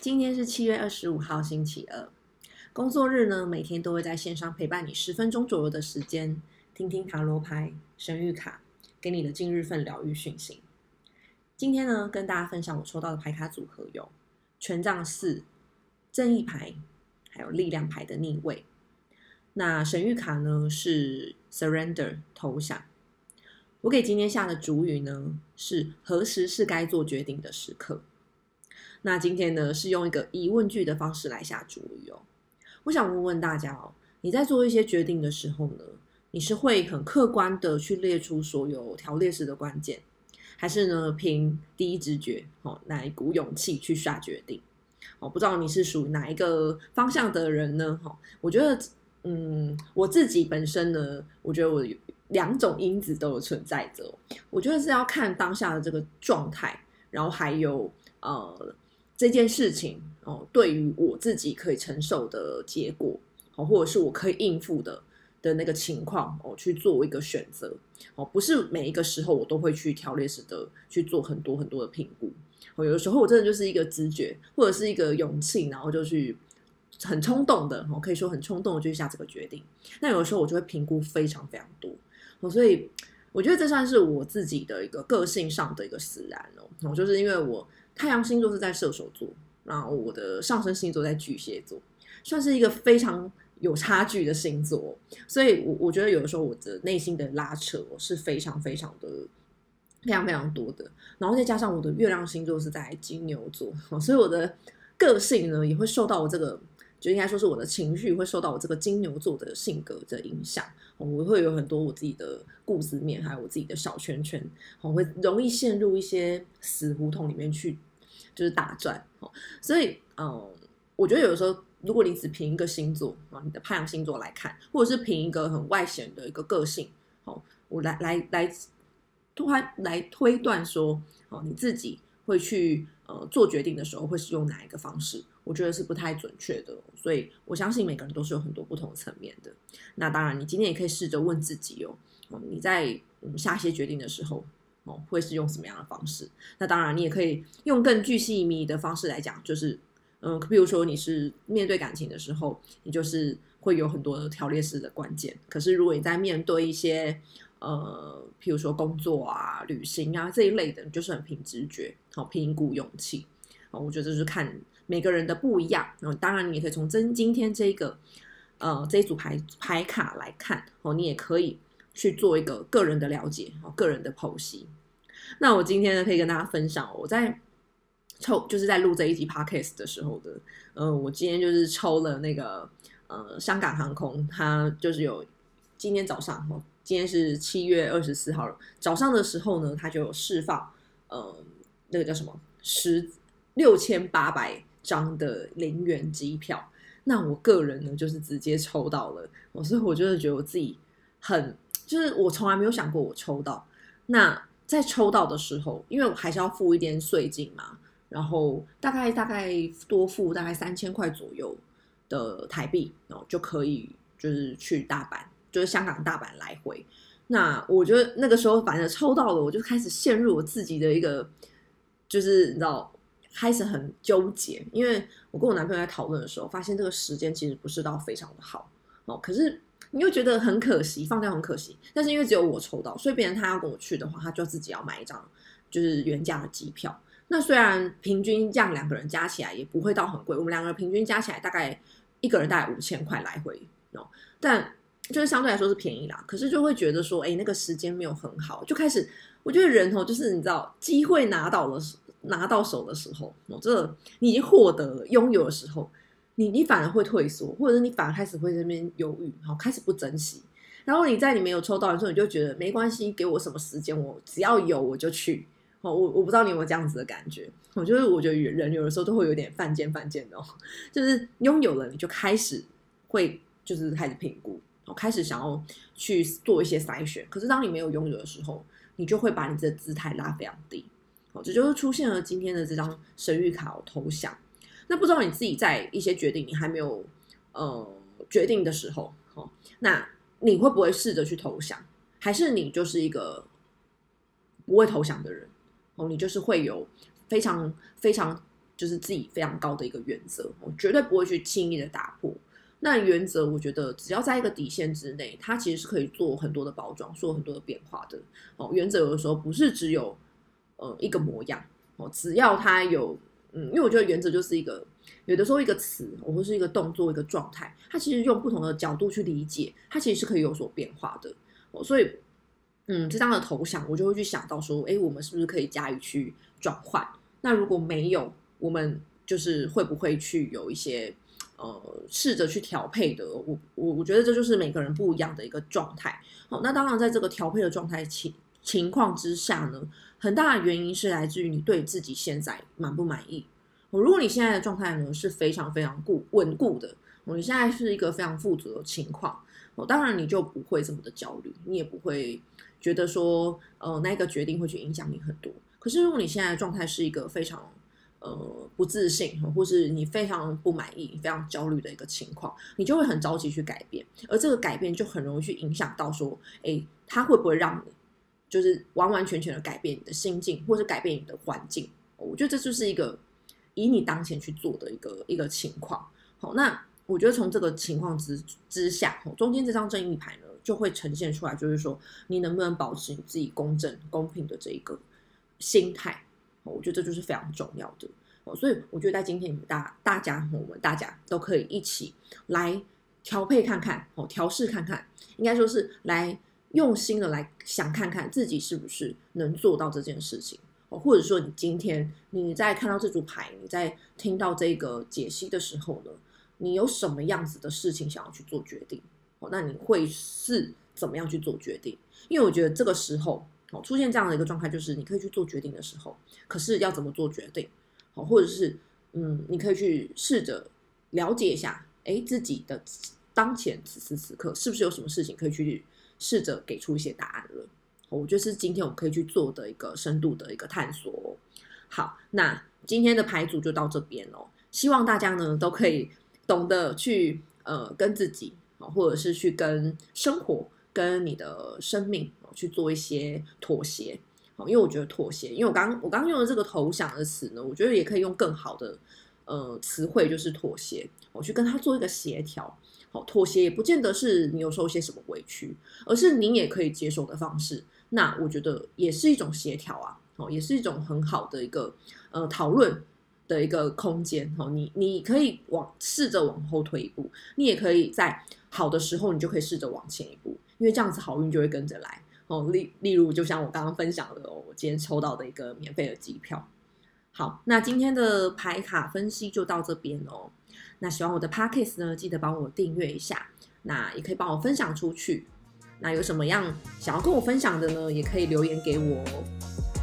今天是七月二十五號，星期二。工作日呢，每天都會在線上陪伴你十分鐘左右的時間，聽聽塔羅牌、神諭卡，給你的今日份療癒訊息。今天呢，跟大家分享我抽到的牌卡組合有權杖四、正義牌，還有力量牌的逆位。那神諭卡呢，是 surrender 投降。我給今天下的主語呢，是何時是該做決定的時刻？那今天呢，是用一個疑問句的方式來下主語哦。我想問問大家哦，你在做一些決定的時候呢，你是會很客觀的去列出所有條列式的關鍵，還是呢憑第一直覺哦來鼓勇氣去下決定？哦，不知道你是屬於哪一個方向的人呢？哦，我覺得，嗯，我自己本身呢，我覺得我有兩種因子都有存在着。我覺得是要看當下的這個狀態，然後還有呃。這件事情哦，對於我自己可以承受的結果哦，或者是我可以應付的的那個情況哦，去做一個選擇哦，不是每一個時候我都會去條列式的去做很多很多的評估哦，有的時候我真的就是一個直覺或者是一個勇氣，然後就去很衝動的哦，可以說很衝動的就去下這個決定。那有的時候我就會評估非常非常多哦，所以我覺得這算是我自己的一個個性上的一個使然哦，就是因為我。太陽星座是在射手座，然後我的上升星座在巨蟹座，算是一個非常有差距的星座，所以我，我我覺得有的時候我的內心的拉扯是非常非常的非常非常多的。然後再加上我的月亮星座是在金牛座，所以我的個性呢也會受到我這個，就應該說是我的情緒會受到我這個金牛座的性格的影響，我會有很多我自己的故事面，還有我自己的小圈圈，我會容易陷入一些死胡同裡面去。就是打轉，所以，嗯，我覺得有的時候如果你只憑一個星座啊，你的太陽星座來看，或者是憑一個很外顯的一個個性，哦，我來來來推，來推來推斷說，哦，你自己會去呃做決定的時候會是用哪一個方式，我覺得是不太準確的。所以我相信每個人都是有很多不同層面的。那當然，你今天也可以試着問自己哦，你在我們下一些決定的時候。哦，會是用什麼樣的方式？那當然，你也可以用更具吸引力的方式來講，就是，嗯，譬如說你是面對感情的時候，你就是會有很多的條列式的關鍵。可是如果你在面對一些，呃，譬如說工作啊、旅行啊這一類的，你就是很憑直覺，好、哦、憑一股勇氣、哦。我覺得就是看每個人的不一樣。嗯、當然，你也可以從今今天這個，呃，這一組牌牌卡來看。哦，你也可以，去做一個個人的了解，哈，個人的剖析。那我今天呢，可以跟大家分享，我在抽，就是在錄這一集 Podcast 的時候的，呃，我今天就是抽了那個，呃，香港航空，它就是有今天早上，哦，今天是七月二十四號早上的時候呢，它就有釋放，呃，那個叫什麼，十六千八百張的零元機票。那我個人呢，就是直接抽到了，我所以，我就是覺得我自己很。就是我從來沒有想過我抽到，那在抽到的時候，因為我還是要付一點稅金嘛，然後大概大概多付大概三千塊左右的台幣，哦，然後就可以就是去大阪，就是香港大阪來回。那我覺得那個時候反正抽到了，我就開始陷入，我自己的一個，就是你知道，開始很糾結，因為我跟我男朋友在討論的時候，發現這個時間其實不是到非常的好哦，可是。你又覺得很可惜，放掉很可惜，但是因為只有我抽到，所以別人他要跟我去的話，他就自己要買一張就是原價的機票。那雖然平均這樣兩個人加起來也不會到很貴，我們兩個人平均加起來大概一個人大概五千塊來回哦，但就是相對來說是便宜啦。可是就會覺得說，哎、欸，那個時間沒有很好，就開始我覺得人哦，就是你知道，機會拿到了拿到手的時候哦，這個、你已經獲得擁有的時候。你你反而會退縮，或者是你反而開始會這邊猶豫，好開始不珍惜。然後你在你沒有抽到的時候，你就覺得沒關係，給我什麼時間我只要有我就去。哦，我我不知道你有沒有這樣子的感覺。我覺得我覺得人有的時候都會有點犯賤犯賤的，就是擁有了你就開始會就是開始評估，開始想要去做一些篩選。可是當你沒有擁有的時候，你就會把你的姿態拉非常低。哦，這就是出現了今天的這張神諭卡，我投降。那不知道你自己在一些決定你還沒有呃決定的時候，哦，那你會不會試着去投降，還是你就是一個不會投降的人？哦，你就是會有非常非常就是自己非常高的一個原則，我、哦、絕對不會去輕易的打破。那原則，我覺得只要在一個底線之內，它其實是可以做很多的包裝，做很多的變化的。哦，原則有的時候不是只有呃一個模樣，哦，只要它有。嗯，因為我覺得原則就是一個，有的時候一個詞，或者是一個動作、一個狀態，它其實用不同的角度去理解，它其實是可以有所變化的。哦、所以，嗯，這張的頭像我就會去想到說，哎，我們是不是可以加以去轉換？那如果沒有，我們就是會不會去有一些呃試着去調配的？我我我覺得這就是每個人不一樣的一個狀態。好、哦，那當然在這個調配的狀態前。情況之下呢，很大的原因是來自於你對自己現在滿不滿意。如果你現在的狀態呢是非常非常固穩固的，你現在是一個非常富足的情況，哦，當然你就不會這麼的焦慮，你也不會覺得說，呃，那個決定會去影響你很多。可是如果你現在的狀態是一個非常呃不自信，或是你非常不滿意，非常焦慮的一個情況，你就會很着急去改變，而這個改變就很容易去影響到說，哎，他會不會讓你。就是完完全全的改變你的心境，或者改變你的環境。我覺得這就是一個以你當前去做的一個一個情況。好，那我覺得從這個情況之之下，中間這張正義牌呢，就會呈現出來，就是說你能不能保持你自己公正公平的這一個心態。我覺得這就是非常重要的。哦，所以我覺得在今天你們大，大大家和我們大家都可以一起來調配看看，哦，調試看看，應該說是來。用心的來想看看自己是不是能做到這件事情哦，或者說你今天你在看到這組牌，你在聽到這個解析的時候呢，你有什麼樣子的事情想要去做決定哦？那你會是怎麼樣去做決定？因為我覺得這個時候哦，出現這樣的一個狀態就是你可以去做決定的時候，可是要怎麼做決定哦？或者是嗯，你可以去試着了解一下，哎、欸，自己的當前此時此刻是不是有什麼事情可以去。試着給出一些答案了，我就是今天我可以去做的一個深度的一個探索哦。好，那今天的牌組就到這邊哦。希望大家呢都可以懂得去呃跟自己或者是去跟生活、跟你的生命去做一些妥協。因為我覺得妥協，因為我剛我剛用的這個投降的詞呢，我覺得也可以用更好的呃詞彙，就是妥協。我去跟他做一個協調。妥協也不見得是你有受些什麼委屈，而是你也可以接受的方式。那我覺得也是一種協調啊，哦，也是一種很好的一個呃討論的一個空間哦。你你可以往試着往後退一步，你也可以在好的時候你就可以試着往前一步，因為這樣子好運就會跟着來哦。例例如就像我剛剛分享的哦，我今天抽到的一個免費的機票。好，那今天的牌卡分析就到這邊哦。那喜歡我的 Podcast 呢，記得幫我訂閱一下。那也可以幫我分享出去。那有什麼樣想要跟我分享的呢，也可以留言給我哦。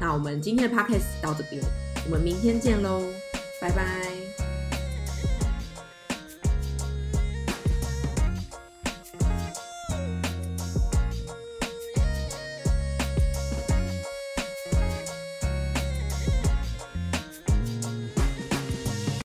那我們今天的 Podcast 到這邊，我們明天見嘍，拜拜。